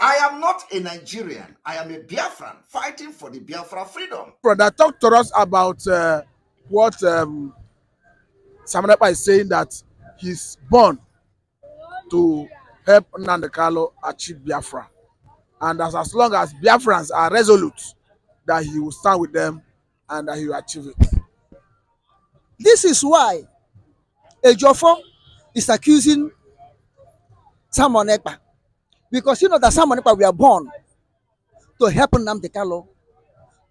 I am not a Nigerian. I am a Biafran fighting for the Biafra freedom. Brother, talk to us about uh, what um, Samanapa is saying that he's born to help Nandekalo achieve Biafra. And as, as long as Biafrans are resolute, that he will stand with them and that he will achieve it. This is why Ejofo is accusing Samonekpa because you know that some people we are born to help Namde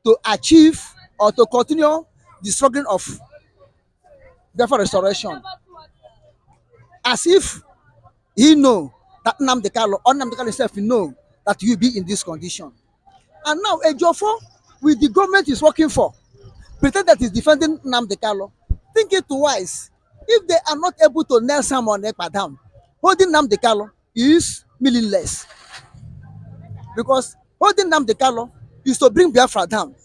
to achieve or to continue the struggling of therefore restoration. As if he know that Namde Kalo or Namde Kalo himself know that you be in this condition. And now Ejofo, with the government is working for, pretend that he's defending Namde Kalo. Think it twice. If they are not able to nail someone down, holding Namde Kalo is million less. Because holding down the is to bring Biafra down.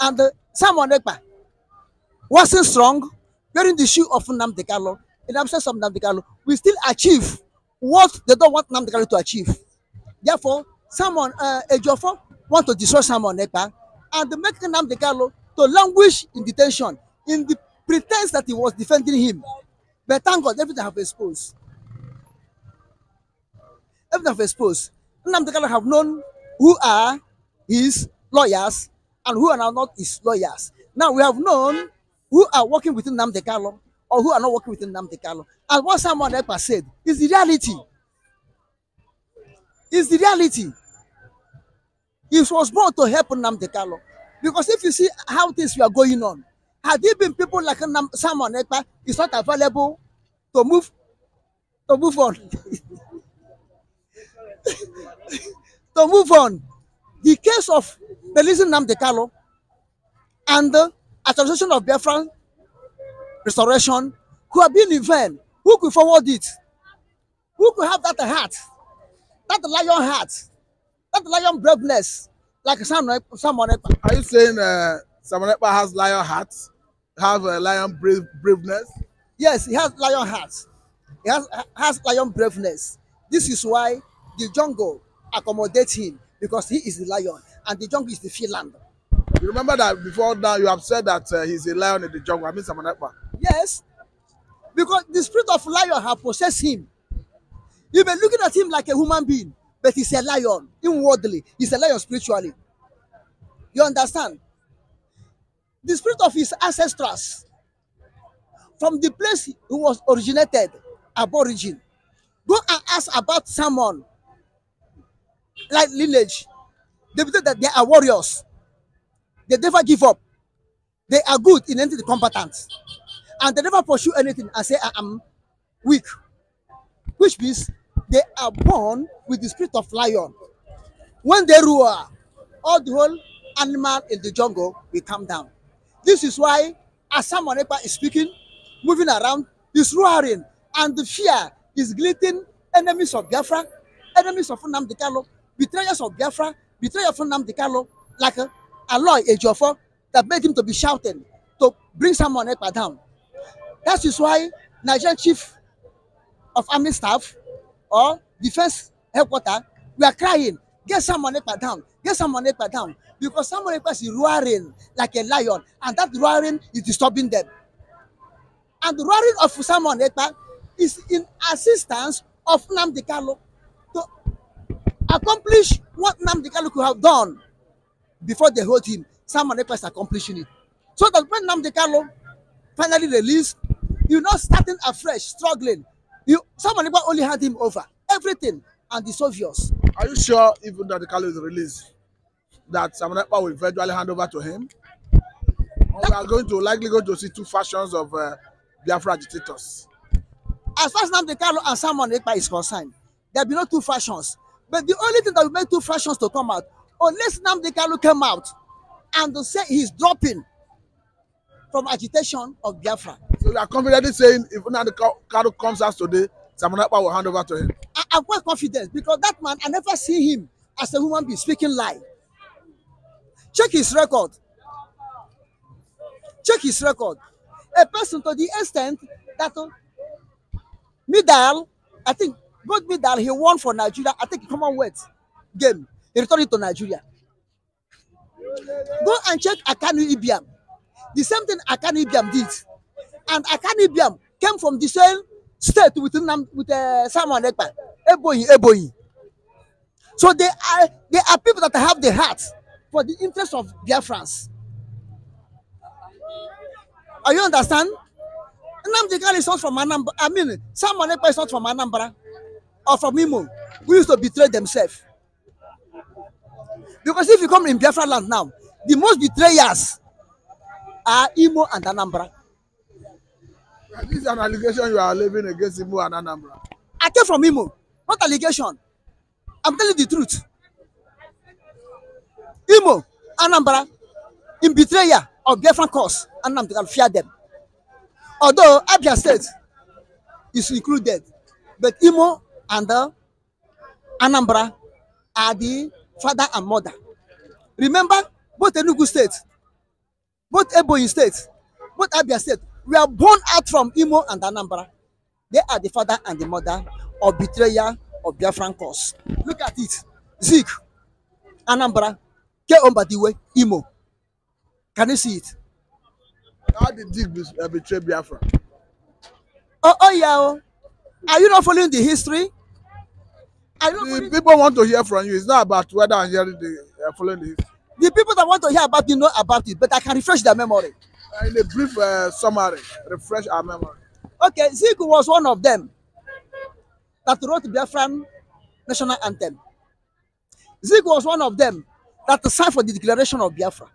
And uh, Samuel Ekpa wasn't strong wearing the shoe of Namdi In absence of Namdi we still achieve what they don't want Namdi to achieve. Therefore, someone, uh, want to destroy Samuel Ekpa and make Namdi Kalo to languish in detention in the pretense that he was defending him. But thank God, everything have exposed evidence was exposed. Nnamdi Kanu have known who are his lawyers and who are not his lawyers. Now we have known who are working within Nnamdi Kanu or who are not working within Nnamdi Kanu. And what Samuel Ekpa said is the reality. Is the reality. It was brought to help Nnamdi Kanu. Because if you see how things were going on, had there been people like Nam Samuel Ekpa, it's not available to move to move on. To move on, the case of Belize Namdekalo and the Association of Biafran Restoration who have been involved, who could forward it? Who could have that heart, that lion heart, that lion braveness, like someone? Samuel Are you saying uh, has lion heart, have a lion brave, braveness? Yes, he has lion heart. He has, has lion braveness. This is why the jungle accommodate him because he is the lion and the jungle is the field land. You remember that before now you have said that uh, he's a lion in the jungle. I mean Samanekpa. Yes, because the spirit of lion has possessed him. You've been looking at him like a human being, but he's a lion inwardly. He's a lion spiritually. You understand? The spirit of his ancestors, from the place he was originated, aborigine. Go and ask about someone like lineage. They believe that they are warriors. They never give up. They are good in anything competent. And they never pursue anything and say, I am weak. Which means they are born with the spirit of lion. When they roar, all the whole animal in the jungle will come down. This is why as is speaking, moving around, is roaring, and the fear is greeting enemies of Biafra, enemies of de Kano, betrayers of Biafra, betrayers of Nam Kalo, like uh, Aloy Ejiofor, that made him to be shouting, to bring someone up and down. That is why Nigerian chief of army staff or defense headquarters, we are crying, get someone up and down, get someone up and down, because someone is roaring like a lion, and that roaring is disturbing them. And the roaring of someone is in assistance of Namdi accomplish what Namdi could have done before they hold him. Sam Manepa is accomplishing it. So that when Namdi finally released, you're not starting afresh, struggling. You Sam Manepa only had him over everything and it's obvious. Are you sure even that the Kalu is released, that Sam Manepa will virtually hand over to him? Or we are going to likely go to see two fashions of uh, Biafra agitators. As far as Namdi and Sam Manepa is concerned, there will be no two fashions. But the only thing that will make two fractions to come out, unless Namdi Kalu came out and they say he's dropping from agitation of Biafra. So you are confidently saying if Namdi Kalu comes out today, Samanapa will hand over to him? I, I'm quite confident because that man, I never see him as a human being speaking lie. Check his record. Check his record. A person to the extent that uh, Midal, I think Good me that he won for Nigeria. I think Commonwealth game. He returned it to Nigeria. Go and check Akanu Ibiam. The same thing Akanu Ibiam did. And Akanu Ibiam came from the same state with, with uh, Simon Ekpa. Eboyi, Eboyi. So they are, they are people that have the heart for the interest of France. Are you understand? Nnamdi is not from Anambra. I mean, Simon Ekpa is not from Anambra. or from Imo who used to betray themselves. Because if you come in Biafra land now, the most betrayers are Imo and Anambra. This is an allegation you are leaving against Imo and Anambra. I came from Imo, not allegation. I'm telling the truth. Imo, Anambra, in betrayal of Biafran cause, Anambra can fear them. Although Abia State is included, but Imo and uh, Anambra are the father and mother. Remember, both Enugu State, both Ebonyi State, both Abia State We are born out from Imo and Anambra. They are the father and the mother of betrayal of Biafran cause. Look at it. Zeke, Anambra, K. Ombadiwe, Imo. Can you see it? How did Zeke uh, betray Biafra? Oh, oh, yeah. Oh. Are you not following the history? Are you the people want to hear from you. It's not about whether I'm hearing the uh, following the history. The people that want to hear about you know about it, but I can refresh their memory. Uh, in a brief uh, summary, refresh our memory. Okay, Ziku was one of them that wrote the Biafran national anthem. Ziku was one of them that signed for the declaration of Biafra.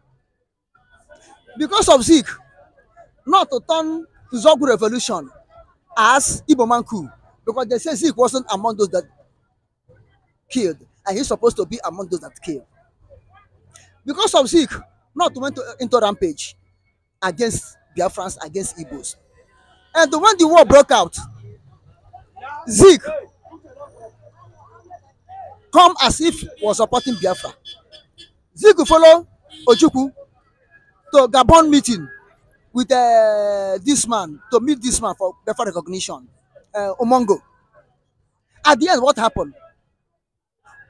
Because of Zeke, not to turn Zogu revolution as Iboman coup because they say Zeke wasn't among those that killed, and he's supposed to be among those that killed. Because of Zeke, not went to, into rampage against Biafrans, against Igbos. And when the war broke out, Zeke come as if was supporting Biafra. Zeke follow Ojuku to Gabon meeting with uh, this man, to meet this man for Biafra recognition uh, Omongo. At the end, what happened?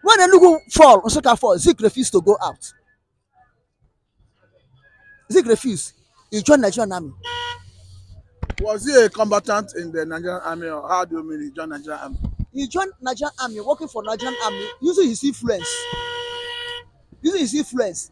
When Enugu fall, Nsukka fall, Zeke refused to go out. Zeke refused. He joined Nigerian army. Was he a combatant in the Nigerian army or how do you mean he joined Nigerian army? He joined Nigerian army, working for Nigerian army, using his influence. Using his influence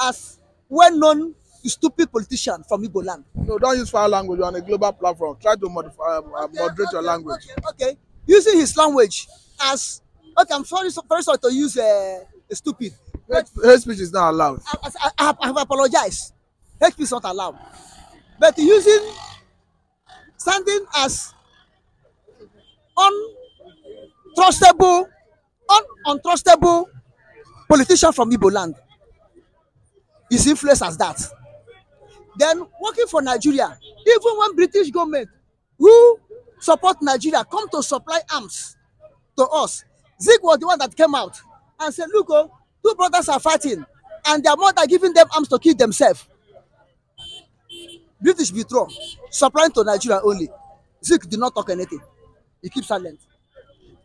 as well-known you stupid politician from Ibo land. No, don't use foul language on a global platform. Try to modify, uh, uh, okay, moderate okay, your language. Okay, okay, using his language as okay, I'm sorry, so, very sorry to use uh, stupid. Hate, speech is not allowed. I, I, I, I have apologized. Hate speech is not allowed. But using something as untrustable, un untrustable politician from Ibo land is influence as that. Then working for Nigeria, even when British government who support Nigeria come to supply arms to us, Zeke was the one that came out and said, look, oh, two brothers are fighting and their mother giving them arms to kill themselves. British withdraw, supplying to Nigeria only. Zeke did not talk anything. He keeps silent.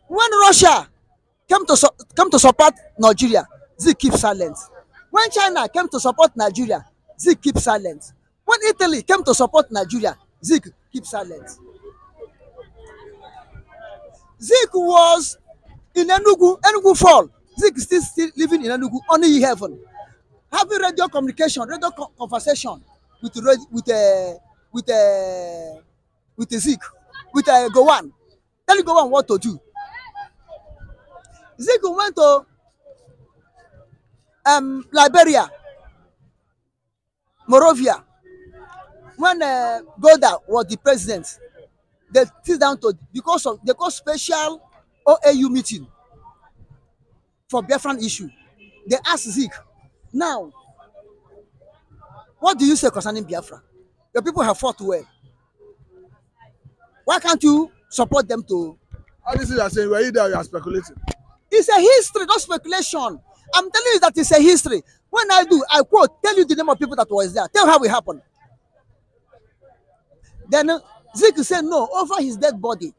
When Russia came to, came to support Nigeria, Zeke keeps silent. When China came to support Nigeria, Zeke keeps silent. When Italy came to support Nigeria, Zeke keep silent. Zeke was in Enugu, Enugu Fall. Zeke still, still living in Enugu, only in heaven. Having radio communication, radio co conversation with with uh, with uh, with Zeke, with uh, Gowan, telling Gowan what to do. Zeke went to um, Liberia, Morovia, when uh, Goda was the president, they sit down to because of they call special OAU meeting for Biafran issue. They asked Zeke, now, what do you say concerning Biafra? Your people have fought well. Why can't you support them to? All this is are saying, were you there? You are speculating. It's a history, not speculation. I'm telling you that it's a history. When I do, I quote, tell you the name of people that was there. Tell how it happened. Then uh, Zeke said, no, over his dead body,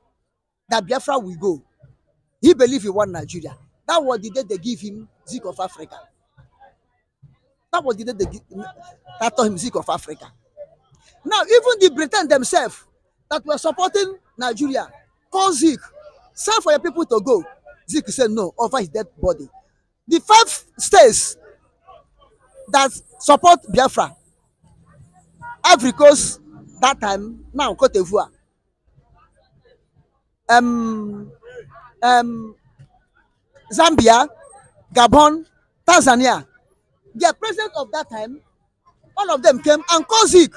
that Biafra will go. He believed he won Nigeria. That was the day they give him Zeke of Africa. That was the day they give, that told him Zeke of Africa. Now, even the Britain themselves that were supporting Nigeria, call Zeke, send for your people to go. Zeke said no, over his dead body. The five states that support Biafra, Ivory that time now Cote d'Ivoire. Um, um, Zambia, Gabon, Tanzania. The president of that time, all of them came and caused sick.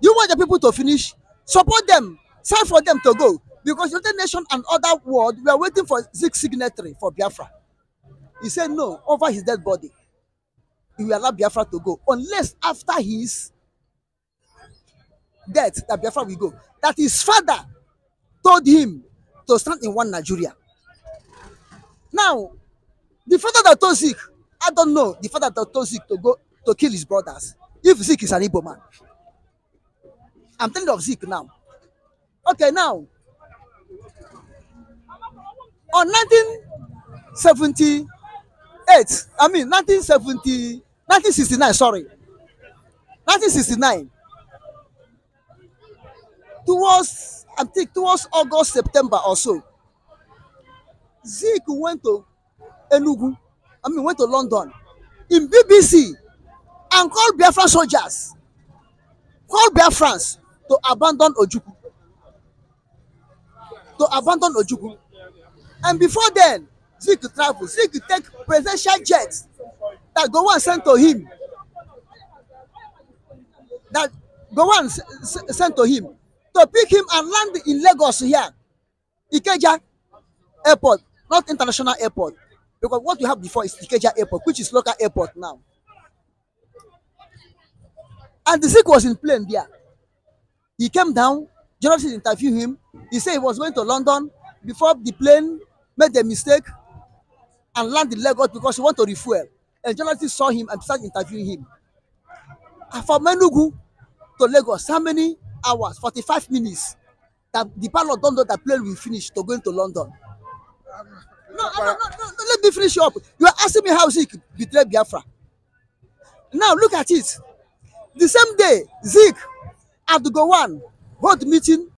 You want the people to finish, support them, sign for them to go. Because United Nations and other world were waiting for Zik signatory for Biafra. He said no over his dead body. He will allow Biafra to go unless after his death that Biafra will go, that his father told him to stand in one Nigeria. Now, the father that told Zeke, I don't know, the father that told Zeke to go to kill his brothers, if Zeke is an Igbo man. I'm telling of Zeke now. Okay, now, on 1978, I mean, 1970, 1969, sorry, 1969, towards I think towards August, September or so, Zeke went to Enugu, I mean went to London in BBC and called Biafran soldiers, called Biafra to abandon Ojuku. To abandon Ojuku. And before then, Zeke traveled. Zeke take presidential jets that go and sent to him. That go and sent to him to pick him and land in Lagos here, Ikeja Airport, not international airport, because what you have before is Ikeja Airport, which is local airport now. And the sick was in plane there. He came down, journalists interviewed him. He said he was going to London before the plane made the mistake and land in Lagos because he wanted to refuel. And journalists saw him and started interviewing him. And from Menugu to Lagos, how many hours, 45 minutes that the pilot don't know that plane will finish to going to London. No, no, no, no, let me finish up. You are asking me how Zeke betrayed Biafra. Now look at it. The same day, Zeke at the Gowan hold meeting